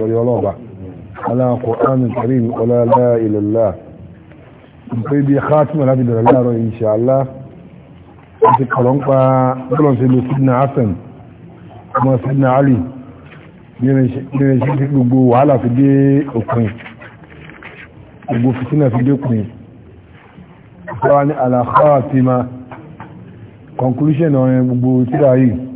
بري الله على قرآن الكريم ولا لا إلى الله بيدي خاتم الهدي بر الله إن شاء الله أنت قلنقا قلن سيدنا سيدنا حسن وما سيدنا علي من شكل قبو على في دي أكرين قبو فتنة في دي أكرين يعني على خاتمة conclusion on gbogbo tíra yìí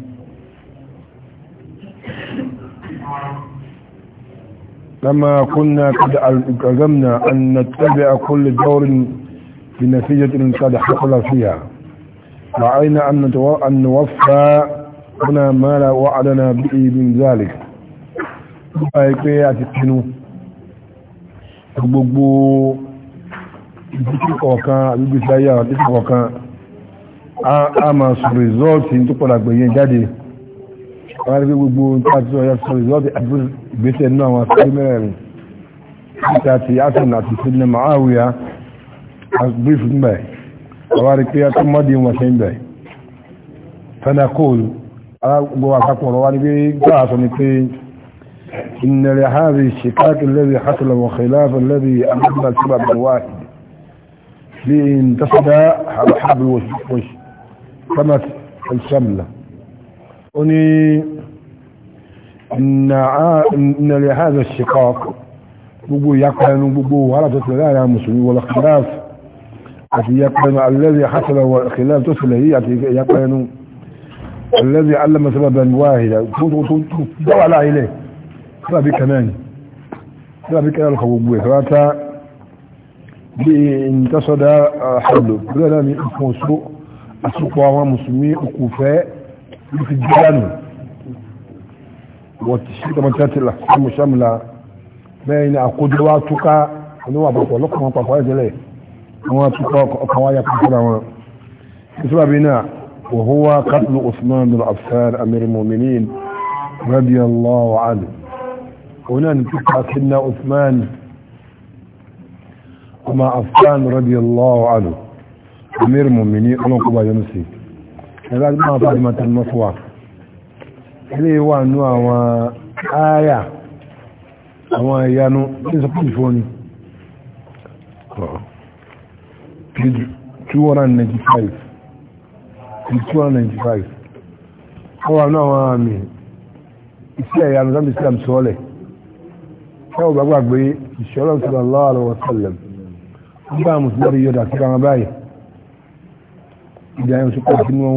لما كنا قد ألزمنا أن نتبع كل دور بنتيجة قد حصل فيها رأينا أن أن نوفى هنا ما لا وعدنا به من ذلك فأيكي أتتنو gbogbo ìdíkì kọ̀ọ̀kan àbígbèsí ayé àwọn ìdíkì kọ̀ọ̀kan a máa sọ rìsọ́ọ̀tì tó pọ̀lá gbẹ̀yẹn jáde wọ́n rí gbogbo tàbí ọ̀yọ́ sọ ìzọ́dì ìgbésẹ̀ náà wọn sí mẹ́rẹ̀rin títà ti asan àti sinna ma'áwíyá agbíf mbẹ̀ wọ́n rí pé ẹkọ́ mọ́dí wọn sí mbẹ̀ fẹ́nà kóòlù alágbó àkàkọ̀rọ̀ wọ́n rí pé gbáà sọ ni pé إن أني أن أن لهذا الشقاق بقول يقرن بقول ولا تصل يا مسلم ولا خلاف يقرن الذي حصل وخلاف تصل هي يقرن الذي علم سببا واحدا دعوا لا إليه سبب كمان سبب كمان الخبوبوي فأتا بانتصد حله بلنا من اسمه السوق السوق هو مسلمي وكفاء في الجبن والتشريك من تاتي الأحكام شاملة بين قدراتك ونوع بطولك من طفايا جليه ونوع طفايا كثيرا بسبب بناء وهو قتل عثمان بن عفان أمير المؤمنين رضي الله عنه هنا نتقى سيدنا عثمان وما عفان رضي الله عنه أمير المؤمنين أنا قبا ينسيك ẹ̀rọ agbọ́n fàdímọ̀tàn mọ́fúwà ilé wà ní àwọn ààyà àwọn ìyanu ní sọpọ̀lì fóní 295 295 ọwà ní àwọn àmì iṣẹ́ ìyanu sáàmì islam sọ́ọ̀lẹ̀ ẹwọ gbàgbàgbé ìṣọ́lọ́ sallallahu alaihi wasallam nígbà mùsùlùmí yọ̀dà ìjà yẹn sọ́kọ̀ sínú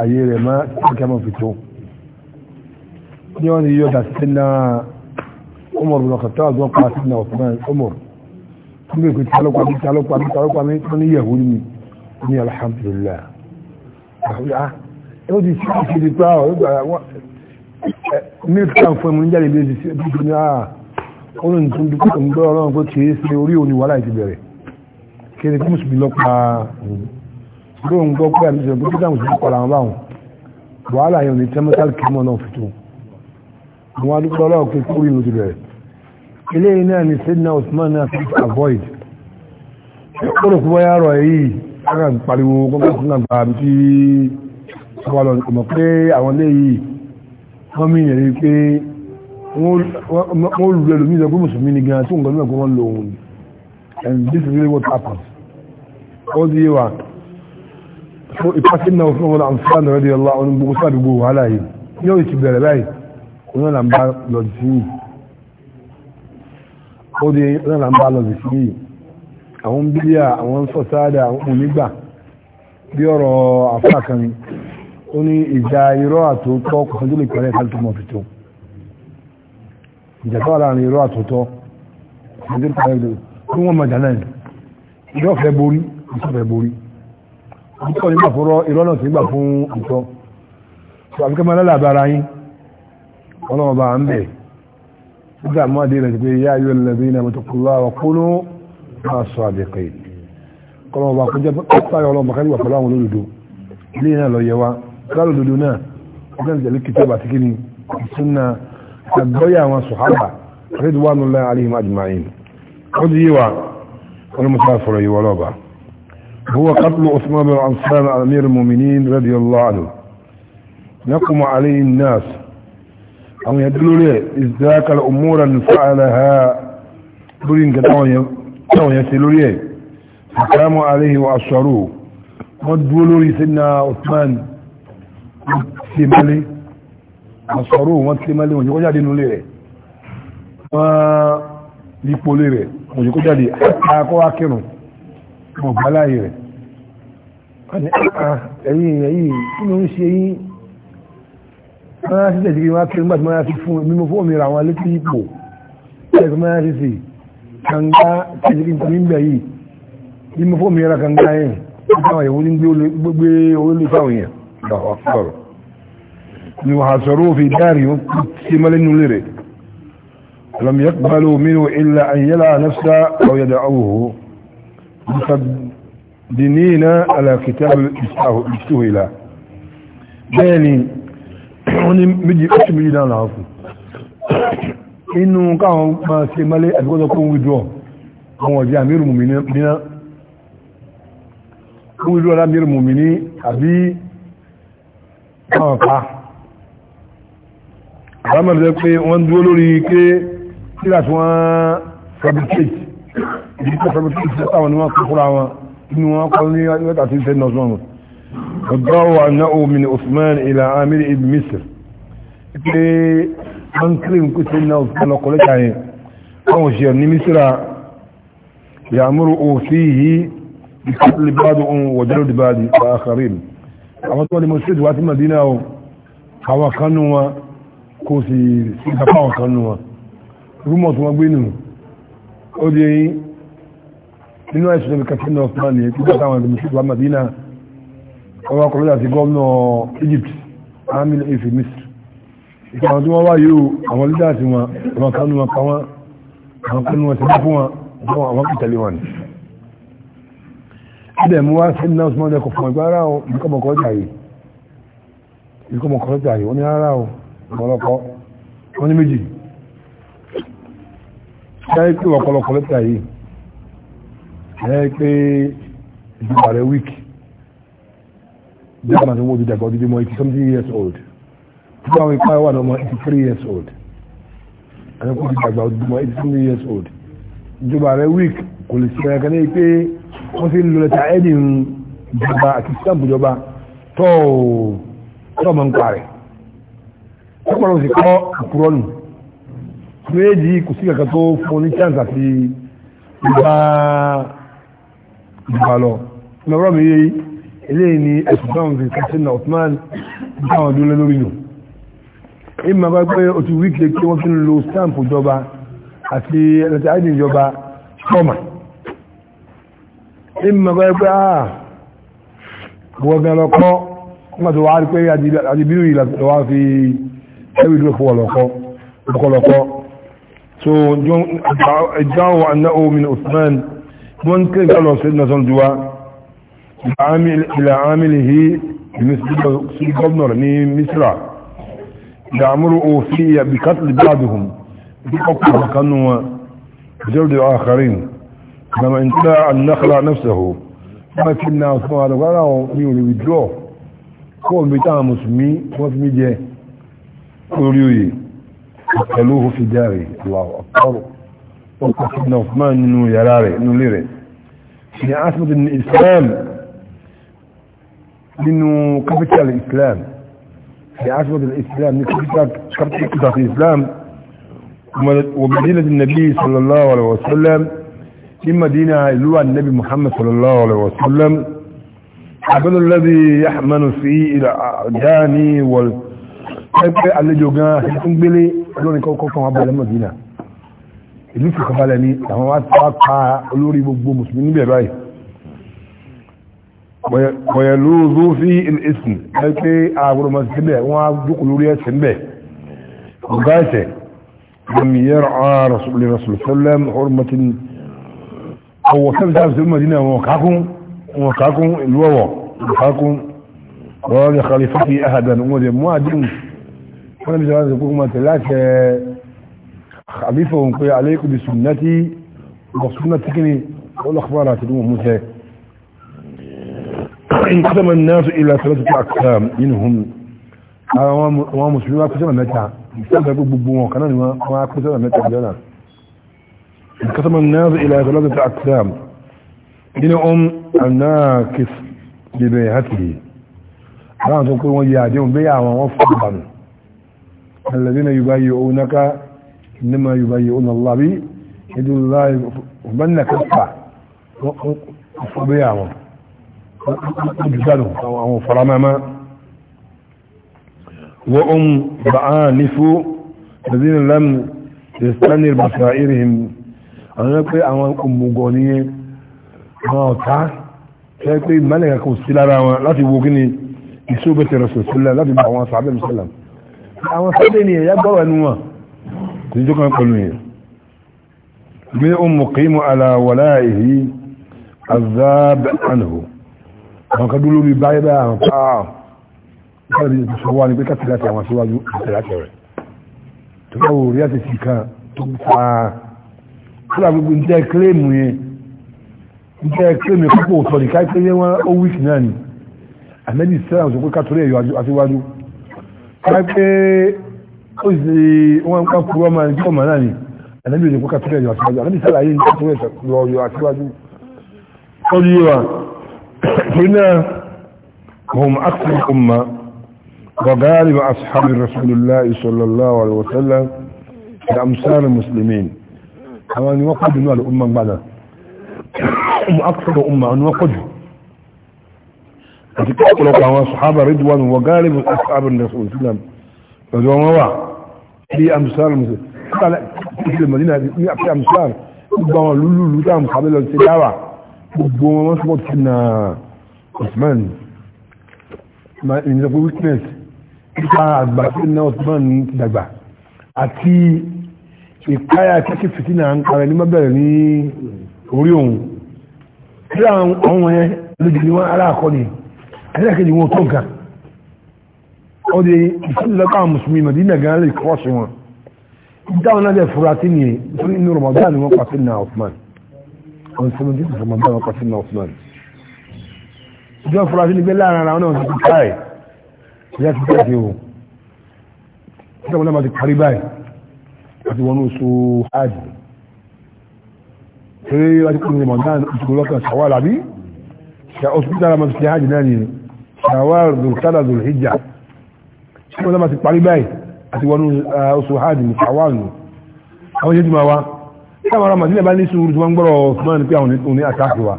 ayé rẹ̀ má kí a máa fi tó ní wọ́n ni yíò dà sí na Umar bin Khattab àgbọn pa sí na Uthman Umar tún bèèrè pé tálọ́pàá mi tálọ́pàá mi tálọ́pàá mi tán ní yẹ̀wò ni ní alhamdulillah ó ti sí ìṣe ti pa ọ̀ milk tank fún ẹmu níjàre bí ó ti sí ìṣe ah, ní àà ó lè tún dúpọ̀ ń gbọ́ ọlọ́run pé kìí ṣe orí òní wàhálà ìti bẹ̀rẹ̀ kí ni kí mùsùlùmí lọ́pàá lóun pé àmì ìṣẹ̀lẹ̀ pípẹ́ àwọn òṣìṣẹ́ kọlà wàhálà yẹn ní tẹ́mẹ́tàlì kìmọ̀ náà fìtò wọn adúgbò ọlọ́wọ́ pé ti bẹ̀rẹ̀ eléyìí náà ni sẹ́dínà Usman náà fi avoid ó rò púpọ̀ yàrá èyí ara pariwo gbọ́ngàn and this is what happens ó di wa ìpàṣẹ náà fún wọn àǹfààní rẹ̀ lọ́wọ́ àwọn gbogbo sàdúgbò wàhálà yìí yóò ti bẹ̀rẹ̀ báyìí òun náà bá lọ sí yìí ó di náà bá lọ sí yìí àwọn bílíà àwọn sọ̀tàdà àwọn onígbà bí ọ̀rọ̀ àfáàkan ó ní ìjà irọ́ àtòótọ́ kò sọ́jọ́ lè pẹ̀lẹ́ ìfàlùtò mọ̀ fìtò ìjà tó wà láàrin irọ́ àtòótọ́ kò sọ́jọ́ lè pẹ̀lẹ́ ìfàlùtò mọ̀ fìtò ìtọ́ nígbà fọ́rọ́ ìrọ́nà tí gbà fún ìtọ́ tó àfikẹ́ máa lálà bára yín ọlọ́wọ́ bá ń bẹ̀ nígbà máa dé rẹ̀ pé yá yóò lẹ́bí ní àmì tó kúrò àwọn kúrò máa sọ àdẹ̀kẹ́ kọlọ́wọ́ bá kọjá pàtàkì ọlọ́wọ́ bá kájú wà pẹ̀lú àwọn olódodo ilé náà lọ yẹ wa kálọ̀ òdodo náà ọgbẹ́ ìjẹ̀lú kìtẹ́ bàtí kí ni ìsúnà àgbọ́yà àwọn sọ̀hábà ridwanullahi alaihim ajma'in ó ti yé wa wọn ni mo sá fọ̀rọ̀ yìí wọ́lọ́ba هو قتل عثمان الأنصار عفان المؤمنين رضي الله عنه نقم عليه الناس أو يدلوا لي ازداك الأمور ان فعلها برين كتاو يسلوا لي فقاموا عليه واشروه ودولوا لي سيدنا عثمان سيمالي اشروه وسيمالي ونجو جادي نولي ما يقولي ونجو جادي حتى كوا كنو لي àní ah, ah, ẹ̀yìn ẹ̀yìn kí ló ń ṣe yín máa ṣíṣẹ́ ìdíkì máa kiri nígbàtí máa fi fún mímú fún òmìnira àwọn alétí ipò ẹ̀kọ́ máa ṣe sí kànga ìdíkì tó ń bẹ̀ yìí mímú fún òmìnira kànga yẹn nígbàwọn ìwọ́n ní gbé olólè fáwọn èèyàn lọ́wọ́ sọ̀rọ̀ ni wàá sọ̀rọ̀ òfin dáàrí wọn ti mọ́lẹ́ nínú lèrè لم يقبلوا منه إلا أن يلع نفسه أو يدعوه دينينا على كتاب الاستهلاء بيني oni méjì oṣù méjì dáhùn àwọn fún inú káwọn máa ṣe mọ́lé àbíkọ́sọ́ kó ń wíjọ́ àwọn ọ̀jẹ́ àmírù mùmìnì níná kó ń wíjọ́ lámírù mùmìnì àbí káwọn pa àbámọ̀lẹ́ pé wọ́n dúró lórí ké sílà tí wọ́n fabricate ìdíkọ́ fabricate láwọn ni wọ́n kó fúra wọn inú wọn kọ́ ní ọjọ́ àti ṣe nọ́sùn ọ̀dọ́wà náà min Usman ila amir ibn Misr pé wọ́n kí n kú sí náà ọ̀sán ọkọ̀lẹ́ kàyẹ̀ wọ́n òṣìṣẹ́ ní Misra yàmúrù òfìhì ìkàtìlì báàdù ohun wọ̀jọ́rọ̀ dìbàdì àkàrin àwọn tó wà ní mọ́sílẹ̀ wá sí Madina o àwọn kanú wọn kò sì sí ìgbàpá àwọn kanú wọn rúmọ̀ tó wọ́n gbé nù ó di eyín nínú àìsàn ibi kàtí náà fún àní tí bàtà àwọn ẹgbẹ̀mí ṣùgbọ́n Madina ọwọ́ akọ̀lọ́dà àti gómìnà Egypt Amin efe Misr ìpàwọn tí wọ́n wá yóò àwọn lídà àti wọn àwọn kanú wọn pa wọn àwọn kanú wọn tẹ̀lé fún wọn àwọn àwọn kò tẹ̀lé wọn. ẹ̀dẹ̀ mú wá sí náà Usman dẹ́kọ̀ fún ẹgbẹ́ ara o ìkọ́mọkọ́ jàre wọ́n ní ara o ọ̀pọ̀lọpọ̀ wọ́n ní méjì. sáyé pé ọ̀pọ̀lọpọ̀ lẹ́tà yìí ẹ pé ìjọba rẹ̀ wíìkì bí a máa ti wọ́n ti dàgbà ọdún eighty something years old tí wọ́n ká wà lọ́mọ eighty three years old ẹni kò ti dàgbà ọdún eighty something years old ìjọba rẹ̀ wíìkì kò lè ṣe ẹ̀ka ní pé wọ́n ti ń lo lẹ́tà ẹ̀dì ń jọba àti stamp jọba tó tó máa ń parẹ́ tó pọ̀ lọ́wọ́ sì kọ́ àkúrọ́ nù méjì kò sí kankan tó fún ní chance àti ìgbà ìgbà lọ lọ́rọ̀ mi yéyí eléyìí ni ẹ̀sùn táwọn fi kẹsìn náà Uthman táwọn dúró lórí nù ìmọ̀ bá pé o ti wíkì kí wọ́n fi ń lo stamp ìjọba àti ẹ̀lẹ́tẹ̀ àìdí ìjọba ṣọ́mà ìmọ̀ bá pé àà ah, wọ́n gan lọ́kọ́ nígbà tó wà á rí pé àdìbírù yìí lọ́wọ́ fi ẹ̀rí ìdúró fún ọ̀lọ́kọ́ ọ̀lọ́kọ́ so ìjọ́ àwọn àná omi Uthman من كيف قالوا سيدنا صندوق العامل إلى عامله مثل الغبنر من مصر يعمروا فيه بقتل بعضهم بقتل كانوا بجلد الآخرين لما انتهى النخلة نفسه ما كنا أصنع هذا قالوا ميولي بجوه كون بتاع مسمي وفمي جه قولوا في داري الله أكبر وقفنا عثمان انه يراري انه ليري هي عاصمة الاسلام انه كابيتال يعني الاسلام هي عاصمة الاسلام كابيتال الاسلام ومدينة النبي صلى الله عليه وسلم في مدينة اللي النبي محمد صلى الله عليه وسلم عبد الذي يحمل فيه جاني وال اللي جوغان هنقبلي لوني كوكو كوكو عبد المدينة ìlú kọkànbalẹ̀ ni àwọn wá pa olórí gbogbo mùsùlùmí níbẹ̀ báyìí wọ̀yẹ̀lú zofi ìsìn ẹgbẹ́ agbọ́dọ̀mọ̀ síbẹ̀ wọ́n á dúkù lórí ẹ̀sìn bẹ̀ ọ̀gá ẹ̀sẹ̀ gbọmìyàn rẹ̀ rasulullam hormatin ọwọ́ sẹ́bẹ̀sẹ̀ àti madina wọn kakún wọn kakún ìlú ọwọ́ kakún wọ́n rẹ̀ kàlífà fi ahadan wọ́n àlífò ń pé alaykum bi sunnati wa sunnati kí ni ọlọ́kùnrin àti ìdúnwò múṣẹ́ انقسم الناس الى ثلاثه اقسام منهم àwọn mùsùlùmí wá kúsọ́nà mẹ́ta ìsáàbẹ̀ gbogbo wọn kanáà ni wọ́n á kúsọ́nà mẹ́ta jẹ́nà ìkásọ́mà náà ilẹ̀ ìtọ́lọ́dẹ̀ tó àkísàm nínú ọm anáàkìs bèbè hàtìlì láwọn tó kó wọ́n yà àdéhùn bẹ́yà àwọn wọ́n fún ìbànú alẹ́dínà yóò bá yóò náà إنما يبيعون الله بي يد الله ومن كفى وبيعهم وجدانهم أو فرماما وأم بعانف الذين لم يستنر بصائرهم أنا أقول أنا أم مغنية ما أتعرف ṣe pé mẹ́lẹ̀kà لا sí lára wọn láti wo gíní ìṣóbẹ̀tẹ̀ rẹ̀ sọ̀sílẹ̀ láti bá àwọn sàábẹ̀ mùsùlùm àwọn kìí jókòó pẹ̀lú yẹn bí ó mú kí mú aláwọ̀lá èyí azábẹ̀ ànàwò àwọn kan dúró lórí báyìí báyìí àwọn pàá ìkàlẹ̀ bí sọ wá ní pé kàtìlá ti àwọn aṣíwájú àtẹ̀láṣẹ̀ rẹ̀ tó bá wò rí àtẹ̀sí kan tó ń fa kúrò àgbègbè ń jẹ́ kílèmù yẹn ń jẹ́ kílèmù yẹn púpọ̀ òtọ́ nìkan pé yẹn wọ́n ó wíìkì náà ni àmẹ́bí sẹ́wọ̀n sọ pé kàtìlá ẹ̀yọ aṣíwájú ó sì wọ́n ká kúrò ọmọ ẹni kọ́ mọ̀ náà ni ẹ̀nẹ́bí òní kọ́kà tókẹ́ yọ àṣíwájú àbí sàlàyé yọ àṣíwájú ó ní wa torí náà hùm akṣin ọmọ gọgáàrí wa aṣáàbí rasulullah sallallahu alaihi wasallam da amsar àti kọ́ ọ̀pọ̀lọpọ̀ àwọn sàhábà ridwan wa gáàrí wa aṣáàbí rasulullah lọ́jọ́ wọn wà bí amsar musu kala ìṣẹ̀lẹ̀ madina bí i àfi amsar gbogbo àwọn lulu lulu àwọn kàbí lọ sí dáwà gbogbo wọn wọn sọpọ ti na osman ma ìyẹn sọpọ weakness nípa àgbà tí na osman ti dàgbà àti ìkáyà kẹkẹ fìtínà ń kara ní mabẹ̀rẹ̀ ní orí òun tí àwọn ọmọ yẹn lójú ni wọn ará àkọni ẹlẹ́kẹ̀ẹ́ ni wọn tó nǹkan ó di ìfẹ́lẹ́kọ́ àwọn mùsùlùmí Madina gan lè kọ́ọ̀ṣì wọn ìdáwọn náà jẹ́ furati ní fún inú Ramadan wọn pàṣẹ na Osman on 17 Ramadan wọn pàṣẹ na Osman ìjọ furati ní pé láàrin ara wọn náà ti káì ìyá ti tẹ́ẹ̀kì o títà wọn náà bá ti kárí báyìí àti wọn oṣù hajj eré láti kúrò ní Ramadan ìṣòro lọ́kàn ṣàwárà bí ṣe hospital ramadan ti hajj náà ni ṣàwárà dùkádà dùl hijja kí wọ́n náà ti parí báyìí àti wọnú eh, oṣù hajj ní sàwáàlù àwọn yóò ti máa wá káwọn ará màdínà bá ní sùúrù tí wọ́n ń gbọ́rọ̀ ṣùgbọ́n ní pé àwọn òní àtàkì wa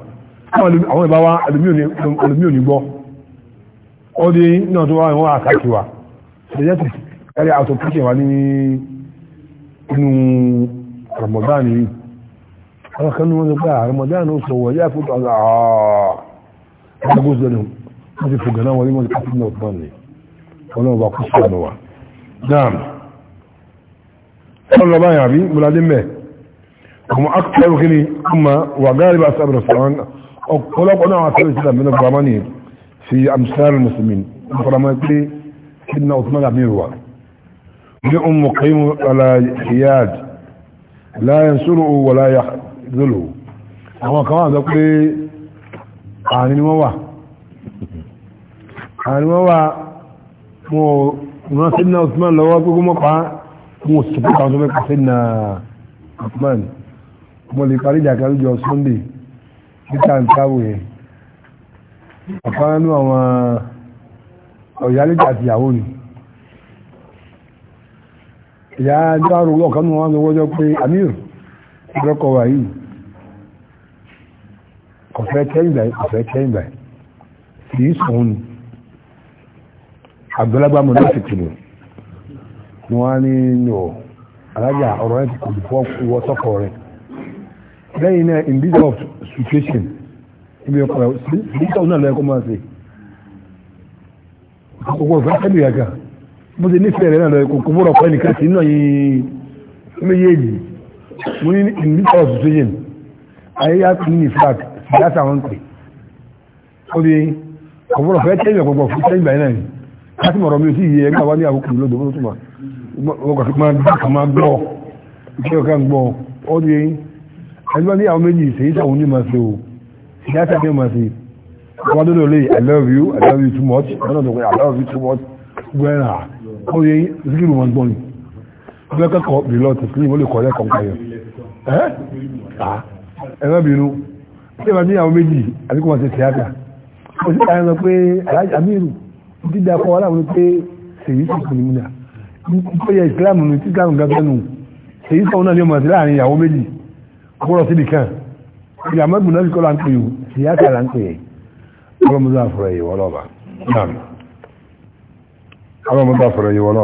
àwọn ìbá wa ẹlòmí òní gbọ́ ó dé náà tó wá àwọn àtàkì wa ṣèjẹ́ ti ti fògànà ọlọ́ọ̀bà kú sí ọ̀nà wa dáàmù ọlọ́ bá yàbí múládé mẹ́ ọmọ akẹ́rù kí ni ọmọ wà gáàrí bá sábẹ̀rẹ̀ sọ̀rọ̀ ọ̀pọ̀lọpọ̀ náà wọ́n sẹ́rẹ̀ sílẹ̀ mẹ́lẹ̀ gbàmá ní fi amsar musulmin ọ̀pọ̀lọpọ̀ pé kí ni ọ̀tún náà mi rùwà ní ọmọ kaimu ala hiyad láyẹn sọ́rọ̀ wà láyà zolo àwọn kan wà sọ pé àárín wọn wà àárín wọn wà wọn ìran sẹ́dínà Usman lọ́wọ́ gbogbo mọ́pá wọn sọ̀pọ̀ àwọn ọmọ ẹ̀kọ́ sẹ́dínà Usman mo lè parí ìjà kan lójọ Sunday níta ń táwò yẹn ọ̀pá nínú àwọn ọ̀yálẹ́jà àti ìyàwó ni ìyá ajá àrùn ọ̀kan nínú wọn lọ́wọ́jọ́ pé Amir ìrọ́kọ̀ wà yìí kọ̀fẹ́ kẹ́yìn báyìí kọ̀fẹ́ kẹ́yìn báyìí kì í sọ̀hún ni àgbẹ̀lágbà mọ̀ láti kìlò ni wọ́n á ní nù alájà ọ̀rọ̀ ẹ̀ kò dùn fún ìwọ sọ́kọ̀ rẹ̀ lẹ́yìn náà in this of situation ibi ọkọ̀ rẹ̀ sílítọ̀ náà lọ́yẹ̀ kó máa ṣe àkókò ìfẹ́ ẹ̀bì gàgà bó ti nífẹ̀ẹ́ rẹ̀ náà lọ́yẹ̀ kò bọ̀rọ̀ pẹ́ nìkan sí náà yìí méjèèjì ní in this of situation ayé yá kí ní flag sí láti àwọn pè ó di kò bọ̀rọ̀ pẹ́ tẹ́lẹ̀ kò bọ̀ fún tẹ́lẹ̀ láti mọ̀rọ̀ mi sí iye ẹgbà wá ní àwòkù lódò mọ́tò mà ọkọ̀ tó máa dákà máa gbọ́ ìṣe ọ̀ká ń gbọ́ ó di eyín ẹni bá ní àwọn méjì ìṣèyí sàwọn ní màá ṣe o ìyá sàkí màá ṣe wọ́n tó lè I love you I love you too much wọ́n náà tó pé I love you too much gbẹ́rà ó di eyín síkìrù wọn gbọ́n ni ọjọ́ kẹ́kọ̀ọ́ bí lọ ti sílẹ̀ ó lè kọ́ lẹ́kọ̀ọ́ ní àwọn méjì dídá kan wọ́n láwọn pé sèyí sì kò ní múdà nítorí islam ní tí islam gẹ́gẹ́ nù sèyí sọ̀rọ̀ náà ní ọmọ sí láàrin ìyàwó méjì kúrọ̀ síbi kan ìyá mẹ́gbùn náà fi kọ́ láǹpẹ̀ yìí sèyí àti àlàǹpẹ̀ yìí ọlọ́mọdé àfọ̀rọ̀ yìí wọ́n ọlọ́mọdé àfọ̀rọ̀ yìí wọ́n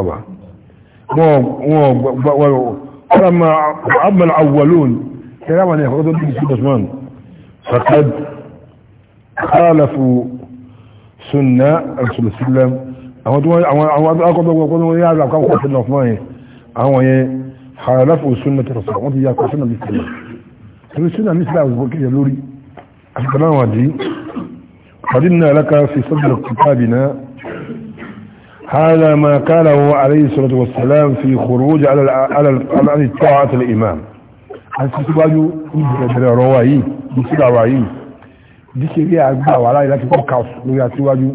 sunna rasul sallam àwọn tó àwọn akọ́gbọ́gbọ́ wọn yá àrà kọ́kọ́ sílẹ̀ fún ọ̀yẹn àwọn yẹn halafu sunna ti rasul wọn ti yà kọ́ sunna ní sílẹ̀ torí sunna ní sílẹ̀ àwọn kìí lórí àfikàlá في صدر كتابنا هذا ما قاله عليه الصلاة والسلام في خروج على على طاعة الإمام هل تتواجه روايه بسرعة روايه díṣeré àgbà wà láyé láti kọ́ kàf lórí àtiwájú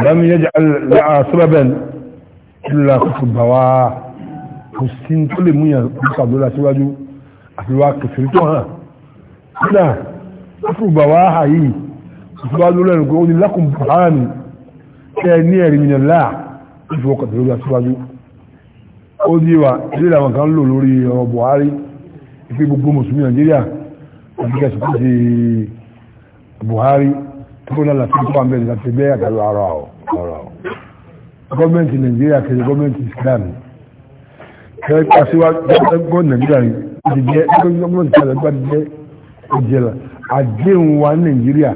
ìdámi yẹ́jà sọ́bẹ̀bẹ̀n ìlúra kòkò bà wá kò sí tó lè múyàn kàf lórí àtiwájú àfiwá kẹfìrí tó hàn kódà kòkò bà wá àyè ìfọwájú lẹ́nu pé ó ní lákùn bàárànì kẹ́ ẹ ní ẹ̀rí mìíràn láà ìfọwọ́kọ̀ lórí àtiwájú ó di wa ilé ìlànà kan lò lórí ọ̀rọ̀ Buhari ìpé gbogbo mùsùlùmí Nàìjíríà òbíkẹ́ sọ́kọ́ sí Buhari tó kún náà láti kọ́ àmì láti gbé àgbàlú ara ọ̀ gọ́ọ̀mẹ́ntì Nàìjíríà kejì gọ́ọ̀mẹ́ntì Islam kẹ́rẹ́ pàṣíwájú gọ́ọ̀mẹ́ntì Nàìjíríà ti jẹ́ gọ́ọ̀mẹ́ntì Nàìjíríà ti jẹ́ òjèlà àdéhùn wa Nàìjíríà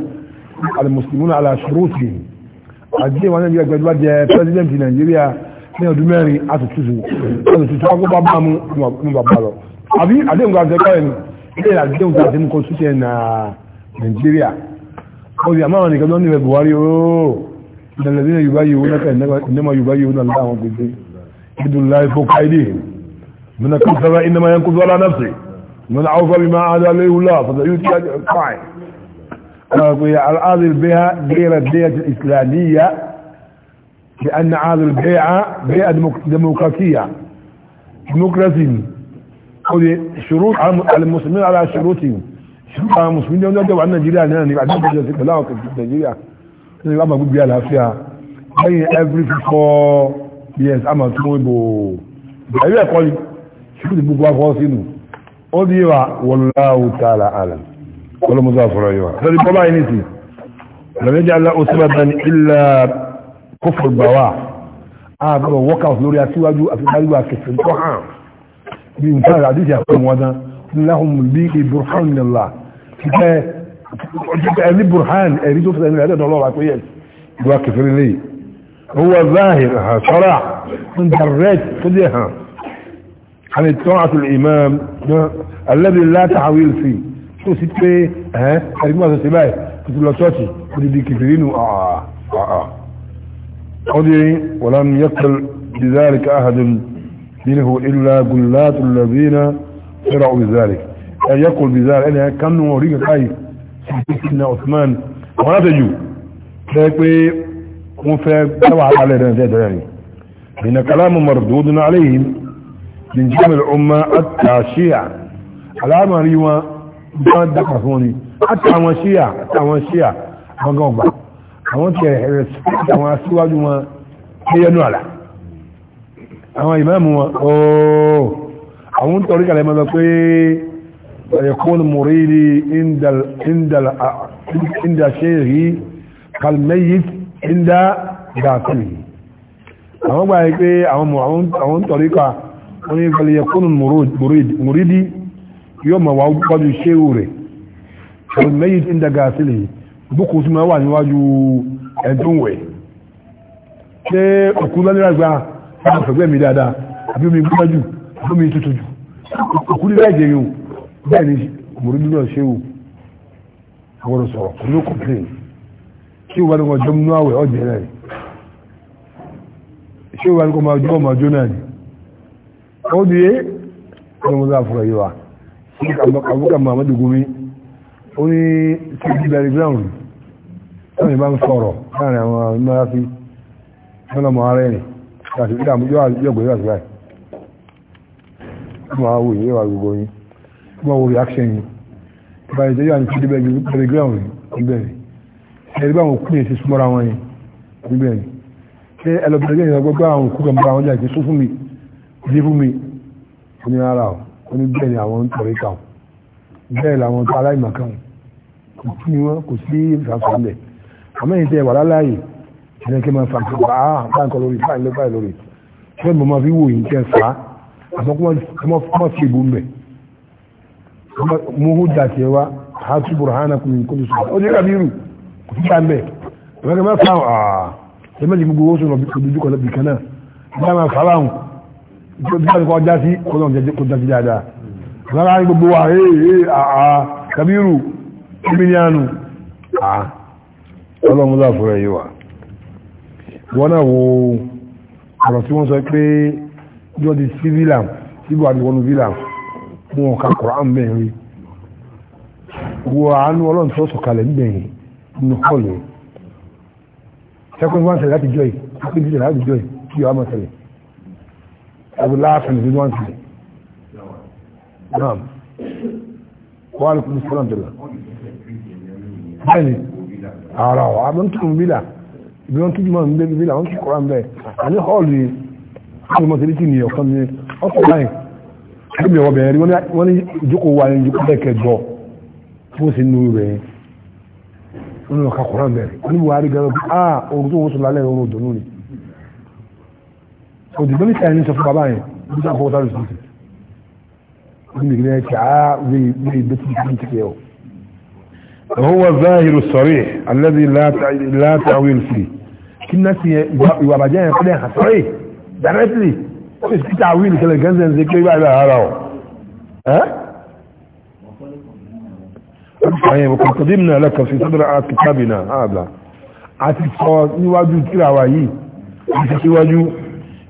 alimusulmuna alasorosi àdéhùn wa Nàìjíríà gbẹdúrà jẹ pẹ́sidẹ́ntì Nàìjíríà ní ọdún mẹ́rin àtútù àtútù tó wá kó bá bá mú ní bàbá lọ àbí àdéhùn wa jẹ káyẹ̀ ni ilé àdéhùn tó àti mú constitution na Nigeria ó di àmáwọn nìkan lọ́nà ìwẹ̀ Buhari ooo ìdàlẹ́bí ní yorùbá yìí wọ́nàkà ìnẹ́mà yorùbá yìí wọ́nà láwọn gbèsè ìdùn láì fún káìdì mọ́nà kí sára iná máa ń kó sọ́lá náà sí mọ́nà àwọn fọ́bí máa ń adá léwu lọ́wọ́ fọ́sọ̀ yóò ti àjọ káì قوي الأرض البيع غير البيع الإسلامية لأن هذه البيعة بيعة ديمقراطية ديمقراطية kọ́lé ṣòro alìmùsùlùmí ara ṣòro ti ṣòro àwọn mùsùlùmí jẹ́ ọjọ́ wà ní nàìjíríà náà ní àdúgbò sí pẹ̀lú àwọn kẹ̀kẹ́ nàìjíríà ní ìwà àmàgbé bíi àlàáfíà lẹ́yìn every four years àmà tó mú ibò ẹ̀rí ẹ̀kọ́ ni ṣòro ti gbogbo akọ́ sínú ó di wa wallahu ta'ala alam ọlọ́mọdé àfọ̀rọ̀ yìí wa lórí bọ́lá yìí nìsí lọ́mọdé alá ó sábà bá ní ilẹ̀ kófò gbà wá من كان العديد يحكم ودا لهم به برهان من الله أريد برهان اريد في العدد الله على كويس لي هو ظاهرها صراع من درات خذها عن طاعة الإمام الذي لا تحويل فيه شو ست فيه ها خارج ما قلت له صوتي قلت دي كفرين وآآ آآ ولم يقل بذلك أحد منه إلا قلات الذين فرعوا بذلك أن يقول بذلك أنا كم نوريك أي سيدنا عثمان ولا تجو فيكوي وفي سبعة علينا ذات يعني إن كلام مردود عليهم من جمع الأمة التعشيع العام ريوا بان دقصوني التعوشيع التعوشيع وقوبة ما tí ẹ̀rẹ̀ sí àwọn aṣíwájú wọn ما هي àlà àwọn ìmáàmù wọn ooo àwọn tọ̀rí kalẹ̀ mọ́ pé ẹ̀kún mùrírí inda ṣe'rí kalmẹ́yìt inda gàfin àwọn gbà yí pé àwọn tọ̀rí ka wọ́n ní kalẹ̀ ẹ̀kún mùrírí yóò ma wà wájú ṣe'ú rẹ̀ kalmẹ́yìt inda gàfin bukú sí ma wà níwájú ẹ̀dùnwẹ̀ ṣe òkú lọ́nà máa fẹ̀gbẹ́ mi dáadáa àbí omi gbọ́dọ̀ jù àbí omi tútù jù òkú ní láì jẹyìn o bẹ́ẹ̀ ni òmùrú nínú ọ̀ṣẹ́ o àgbọ̀dọ̀ sọ̀rọ̀ kò ló complain ṣé ìwà ni wọn jọ nínú àwẹ̀ ọ̀jẹ̀ náà ni ṣé ìwà ni wọn máa jọ ọmọ ọjọ́ náà ni ó di yé ọlọ́mọdé àfọ̀rọ̀ yìí wa àbúkà Muhammadu Gumi ó ní sí ìbẹ̀rẹ̀ ground táwọn ìbá ń sọ̀rọ̀ láàrin àwọn ọmọ láti rí dàmú yóò yọ̀gbẹ̀ yóò àgbà ẹ̀ máa wò yẹ́ wà gbogbo yín máa wò reaction yín bá ìjọ yóò àti bẹ́ẹ̀ ju bẹ́ẹ̀ ground níbẹ̀ ni ẹ̀rí bá àwọn òkú yẹn ti súnmọ́ra wọn yẹn níbẹ̀ ni ṣé ẹlọ́bìnrin yẹn gbọ́ gbọ́ àwọn òkú kan bá wọn jà kí sún fún mi dí fún mi ó ní ara o ó ní bẹ́ẹ̀ ni àwọn ń tọ̀rí kà o bẹ́ẹ̀ ẹni kí n máa fa nǹkan ah, bá báńkọ lórí fáìn ló báyìí lórí ṣé mo máa fi wò yín kẹ́ fà á àmọ́ kí wọ́n fi ìbò mbẹ̀ mo hó dà tiẹ̀ wá àti burhana kò ní kóso sọ̀rọ̀ ó ní ká bírù kò sí sáà mbẹ̀ ẹ̀fẹ́ kí n máa fa àà ah, ẹ méjì gbogbo owó sọ̀rọ̀ ojú kan lẹ́bi kan náà bí a máa fa báwọn bí a kọ́ já sí kó dá sí dáadáa rárá ní gbogbo wa ee ee àà kabiru kí mi àánú àà ah, ọlọ́run ló àfọ̀rọ̀ yìí wà wọ́n náà wo ọ̀rọ̀ tí wọ́n sọ pé yóò di sí villa síbò àdìwọ́nu villa fún ọ̀ka Quran bẹ́ẹ̀ rí wo àánú ọlọ́run tó sọ̀kalẹ̀ ń bẹ̀yìn nínú kọ́ọ̀lù sẹ́kọ̀ọ́ ìwọ̀n sẹ̀lẹ̀ láti jọ yìí láti jọ láti jọ yìí kí ọmọ sẹ̀lẹ̀ ẹ̀bù láàfin ní wọ́n sẹ̀lẹ̀ náà wọ́n á lè kúrú sọ́nà bẹ̀rẹ̀ bẹ́ẹ̀ ni àrà ọ̀ àmọ́ tó ń bí ibi wọn kíjì máa ń gbé ibi làwọn kí kọ́ra ń àní hall rí kí ni ọ̀kan ní ọkọ̀ báyìí kí ọbẹ̀ rí wọ́n ní ìjókòó wa ní ìjókòó bẹ́ẹ̀ kẹjọ tí wọ́n rẹ̀ wọ́n ní ọ̀ka kọ́ra ní buhari gan ah oorun tó wọ́n sọ lálẹ́ oorun òdòdó ni òdìgbò ní sẹ́yìn sọ fún bàbá yẹn bí sáà fọwọ́tà lè sọ́ọ̀tì wọ́n ní ìgbìlẹ̀ kí ah wíì bẹ́ẹ̀ الظاهر الصريح الذي لا تعويل فيه kí n nọ́ọ̀sì yẹn ìwà àbàjẹ́ yẹn kọ́dẹ̀ hàn sọ́rí directly ó sì kíta àwìn ìṣẹ̀lẹ̀ gẹ́nsẹ̀ ń ṣe pé ìwà ìwà ara ọ̀ ẹ́ ọ̀yẹ̀ kọ̀kọ̀dé mi náà lẹ́kọ̀ọ́ sí sọ́dọ̀ àkìtàbì náà àbà àti sọ níwájú kíra wa yìí àti síwájú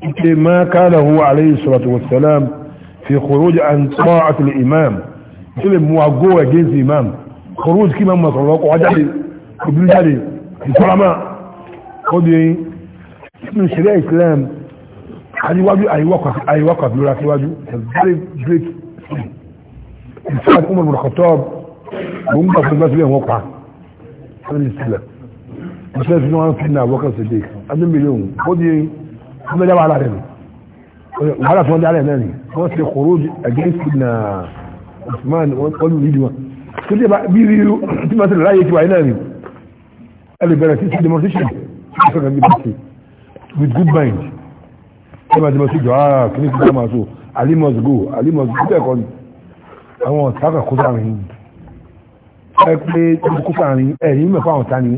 ike ma kana huwa alayhi salatu wassalam fi khuruj an ta'ati al-imam sílẹ̀ mú agó against imam khuruj kí máa mọ̀ sọ̀rọ̀ ọkọ̀ wájáde obìnrin jáde ìtọ́lámà obìnrin nínú ìṣẹ̀lẹ̀ Islam àríwájú àríwákọ̀ àbúrò síwájú a very great thing in fact Umar bin Khattab ló ń gbà fún gbàsílẹ̀ wọn pa sẹ́ni ìsìlẹ̀ ìṣẹ́ tí wọ́n fi náà wọ́kàn sí dé ọdún mílíọ̀nù ó di ọdún ẹ̀dá wàhálà rẹ̀ nù wàhálà tí wọ́n dá rẹ̀ náà ni wọ́n ti kòrò against na Usman wọ́n lù nídìí wọn tó dé bí rí tí wọ́n ti láyé tí wà ní ni ẹ lè bẹ̀rẹ̀ sí demonstration ìfẹ́ kan bí with good mind ṣé bàtì mọ̀ sí jọ ara ah, kìíní fún dáàmà so ali must go ali must go bẹ́ẹ̀ kọ́ ni àwọn ọ̀tá kan kó sáàrin yìí ẹ pé kó sáàrin ẹ̀yìn mẹ́fà àwọn ọ̀tá ni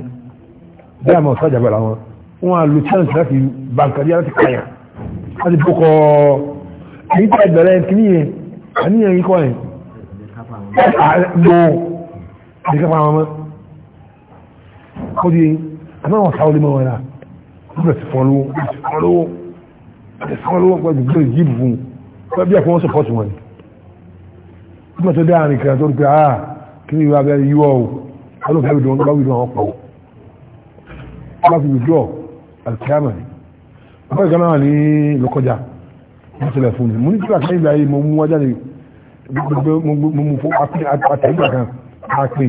dáàmà ọ̀tá jàgbà làwọn wọn á lo chance láti bankari láti kàyà láti bókọ èyí tẹ́ ìbẹ̀rẹ̀ kìíní yẹn àníyàn yìí kọ́ yẹn lo àdìkápá àwọn ọmọ kó di yẹn àmọ́ àwọn sáwọn olè mọ́ wọn náà wọ́n bẹ̀rẹ̀ sí fún ọlọ́wọ́ bẹ̀rẹ̀ sí fún ọlọ́wọ́ bẹ̀rẹ̀ sí fún ọlọ́wọ́ gbọ́dọ̀ gbọ́dọ̀ yí bùn wọ́n bí àpò wọn sọ̀pọ̀ tí wọ́n ni wọ́n mọ̀ tó dé àrùn ìkìlá tó ń pè á kí ni ìwà abẹ́rẹ́ yíwọ́ o alóòfẹ́ wìdùn wọn bá wìdùn àwọn pọ̀ wọ́n bá fi wìdùn àlùkìyàmà ni wọ́n bá ìgbàmà ní lọ́kọjá wọ́n tilẹ̀ fún mi mo ní kí wàá kẹ́yìn báyìí mo mú wájà ní mo mú fún àtẹ̀yìnbà kan àpè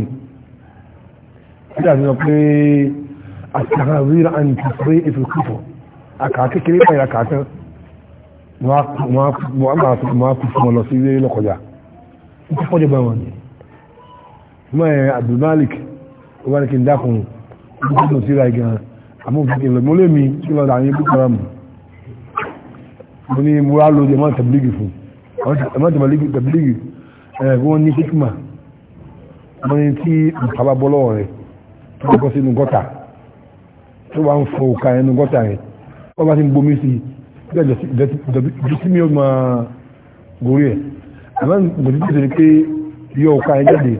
àtàràwírà àni tàbí ìfìkúfọ̀ àkàkékeré báyìí àkàkẹ́ wọ́n kú fún ọ lọ sí ilé lọ́kọjá ń tó kọjọ bá wọn ni mọ́ ẹ̀ Abdulmalik wọ́n kí n dákun ń tó sí ra gan amóhùnfẹ́kẹ́ lọ mọ́lé mi kí lọ́dà àyín bí kọ́ra mu mo ní mo wá lo jẹ́mọ́ tàbílígì fún ẹ̀mọ́ tàbílígì ẹ̀ wọ́n ní kíkìmà wọ́n ní tí nǹkan bá bọ́ lọ́wọ́ rẹ̀ tó kọ́ sínú gọ́tà tó bá ń fọ òkà ẹnu gọ́tà rẹ̀ wọ́n bá ti ń gbomi sí ju sí mi ó máa gorí ẹ̀ àmọ́ nǹkan títí ni pé yọ òkà ẹ jáde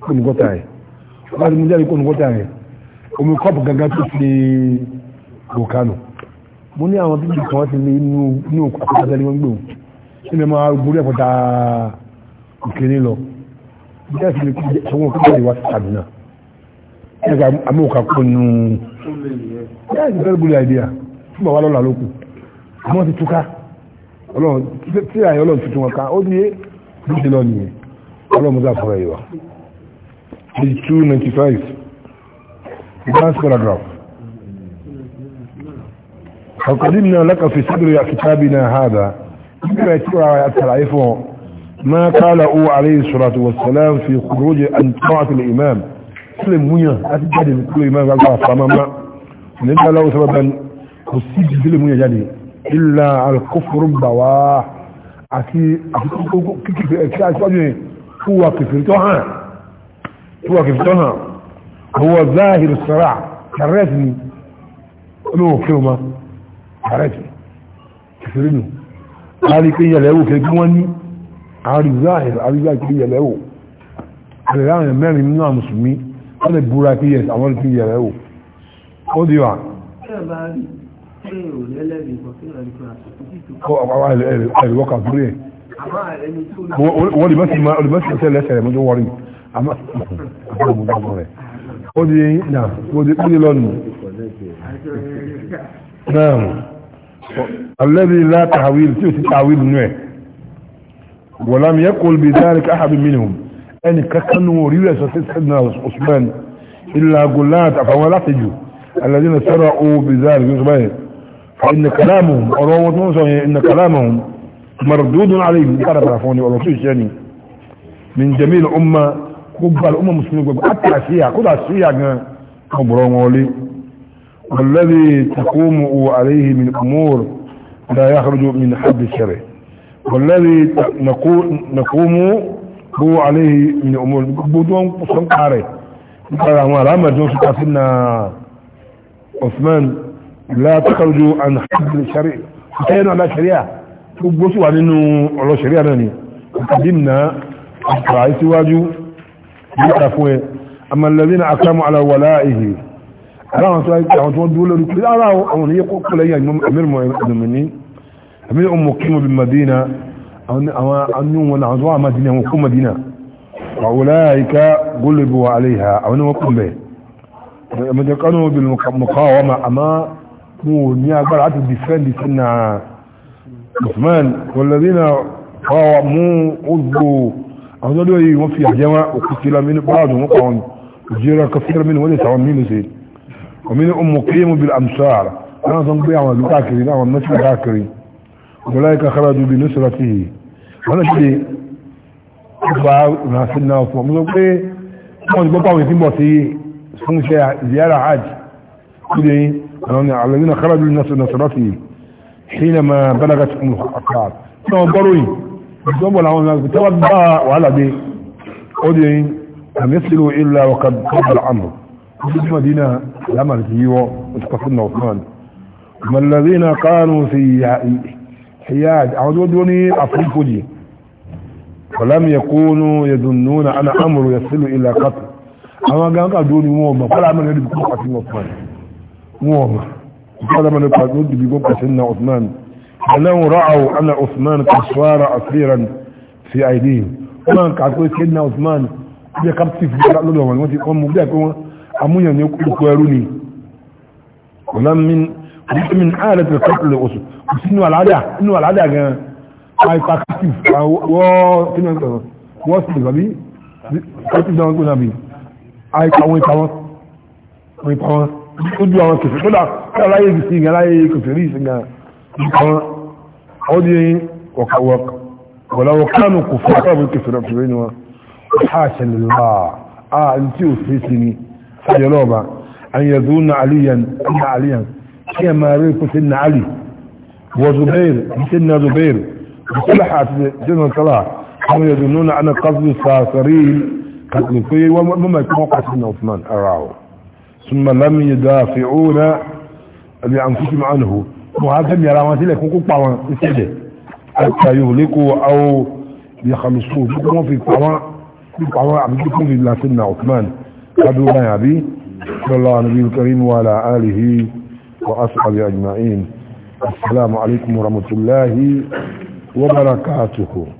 kó nu gọ́tà rẹ̀ wọ́n bá ti mú jáde kó nu gọ́tà rẹ̀ omi kọ́ọ̀pù gangan tó fi òkà nù mo ní àwọn bíbí kan ti lé inú àkókò tẹ́lẹ̀ wọ́n gbòó nínú máa gorí ẹ̀kọ́ta òkèrè lọ bí ẹ̀sìn ni kí ọwọ́ kí wọ́n lè wá sí àdúnà yẹ́n ti fẹ́ gbúlẹ̀ àìdíyà fún bàbá lọ́la lókù àmọ́ ti túká ọlọ́run tí àyè ọlọ́run tuntun wọn ká ó di yé bí ó ti lọ nìyẹn ọlọ́run mọ́tà fún ẹ̀yọ́ page two ninety five last paragraph ọ̀kadìmínà lákàfẹ́ sábẹ̀rẹ̀ kìtàbínà hàdà nígbà tí wọ́n ara àtàlàyé fún ọ ما قاله عليه الصلاة والسلام في خروج عن طاعة الإمام كل منيا أتجد كل إمام قال فماما nígbà lọ́wọ́ sábàbà kò sí ìdílé múyẹ̀ jáde ilà alkófòrò bà wá àti àkíkọ́jú fúwà kìfìrí tó hàn fúwà kìfìrí tó hàn àwọn záhìrì sọ́rà kàrẹ́tì ni olóòwò kírò ma kàrẹ́tì kìfìrí nù ó di wà. ẹ̀rọ wọ́kà fúrí ẹ̀ wọ́n olùbẹ́sì ṣe lẹ́sẹ̀ rẹ̀ mọ́jọ́ wọ́rí àmọ́ ọmọ rẹ̀ ó di yẹn náà ó di lọ́nu náà alẹ́bí látàwíl tí ó ti tàwíl nú ẹ̀ wọ́lá mi yẹ́ kó lè dárí káàbí mínú ẹni kankan nù orí rẹ̀ sọ sí sẹ́dínà Usman ìlàgùn láàtàfàwọn látẹjù الذين سرعوا بذلك فإن كلامهم أروتهم إن كلامهم مردود عليهم قال برافوني والله شيء يعني من جميل أمة قبل الأمة المسلمة حتى الشيعة كل الشيعة أبرهم ولي والذي تقوم عليه من أمور لا يخرج من حد الشرع والذي نقوم هو عليه من أمور بدون قصة قارئ قال ما لا مجنون Osman la takarju an hajjil shari'a ṣẹ́yìn ala shari'a tó gbóṣù wà nínú ọ̀rọ̀ shari'a náà ni àkàdín na àkàrà síwájú ní ìtàfún ẹ amàlẹ́bí na akamu ala wala'ihi aláwọn tó àwọn tó dúró lórí pé ara àwọn oníyẹ kó kó lẹ́yìn àmìrìmọ̀ ìdòmìnì àmìrì ọmọ kíma bí madina àwọn anú wọn àwọn tó wà madina wọn kó madina wà wọláyà ika gólébù wa aléha àwọn ni wọn kún bẹ́ẹ̀ ẹ̀mọ̀jẹ̀kánú bí mọ̀kọ́ ọmọ àmá mú ò ní agbára láti dìfẹ́ndì sí na Usman wọ̀lẹ̀rí na ọwọ́ mú ogbò àwọn ọdọ́ yìí wọ́n fi àjẹ́wá òkúti lámínú pàdù wọn kọ́ òjìrà kọfíra mínú wọ́n lè sàwọn mínú sí ọmínú ọmọ kéèmù bí amsar láwọn tó ń gbé àwọn ìlú káàkiri láwọn mẹ́sì káàkiri ọ̀dọ́lá هم شيء زيارة عاج كده يعني على الذين خرجوا الناس النصراتي حينما بلغت المحققات ثم ضروري ثم بلعون الناس بتوضى وعلى دي قده لم يصلوا إلا وقد قد العمر في مدينة لما الجيوة وتقصدنا عثمان ما الذين كانوا في حياد عود ودوني أفريقه دي ولم يكونوا يظنون أن أمر يصل إلى قطر àwọn agáńkà dúró ni wọ́n ọmọ kọ́lá mẹ́rin níbi kọ́ pàtí ọ̀tman wọ́n ọmọ kọ́lá mẹ́rin pàtí ó dìbí kọ́ pàtí na ọ̀tman ẹlẹ́wọ̀n ra'awọ̀ ana ọ̀tman kasuwara asiran fi àìdí wọ́n kà pé sí na ọ̀tman jẹ́ captive lọ́dọ̀ wọn wọ́n ti wọ́n mú bí àpé wọn amúyàn ní kókó ẹrú ni ọ̀làmín ààrẹ ti kọ́kùlẹ̀ oṣù kò sí inú wọ́n sí ìgbàbí náà gbọ́n àwọn ìpamọ́ àwọn ìpamọ́ ó ju àwọn kẹfẹ́ kódà kí aláyé ìgbì sí ìgbà aláyé kẹfẹ́ rí ìsìnkà ìpamọ́ àwọn di wọ̀kàwọ̀kà wọ̀láwọ̀ kánù kò fún àkọ́bù kẹfẹ́ rẹ̀ fẹ́rẹ́ ni wọn ṣáàṣẹ lọ́wọ́ a n tí ò sí sí ni sáyẹ lọ́ọ̀bà an yẹ zuwa na aliyan na aliyan kí ẹ máa rí kùsí na ali wọ zubair kùsí na zubair kùsí lọ́hà àti jẹ́nà sálà àwọn yẹ zuwa na ana kásù sàṣàrí kàtàkì pé wọ́n mọ̀ kí wọ́n kàtàkì náà Usman ara ọ̀ súnmọ̀ lámì yadafi'una li anfusihim anhu mọ̀ á fẹ́mi ara wọn sílẹ̀ kún kó pa wọn ìṣẹ̀lẹ̀ àtà yóò lékò àwọ̀ ìyàkàlùsù kí wọ́n fi pa wọn fi pa wọn àbí kí wọ́n fi lásìkò náà Usman kádùn báyà bí sallallahu alaihi wa sallam wa ala alihi وأصحاب أجمعين السلام عليكم ورحمة الله وبركاته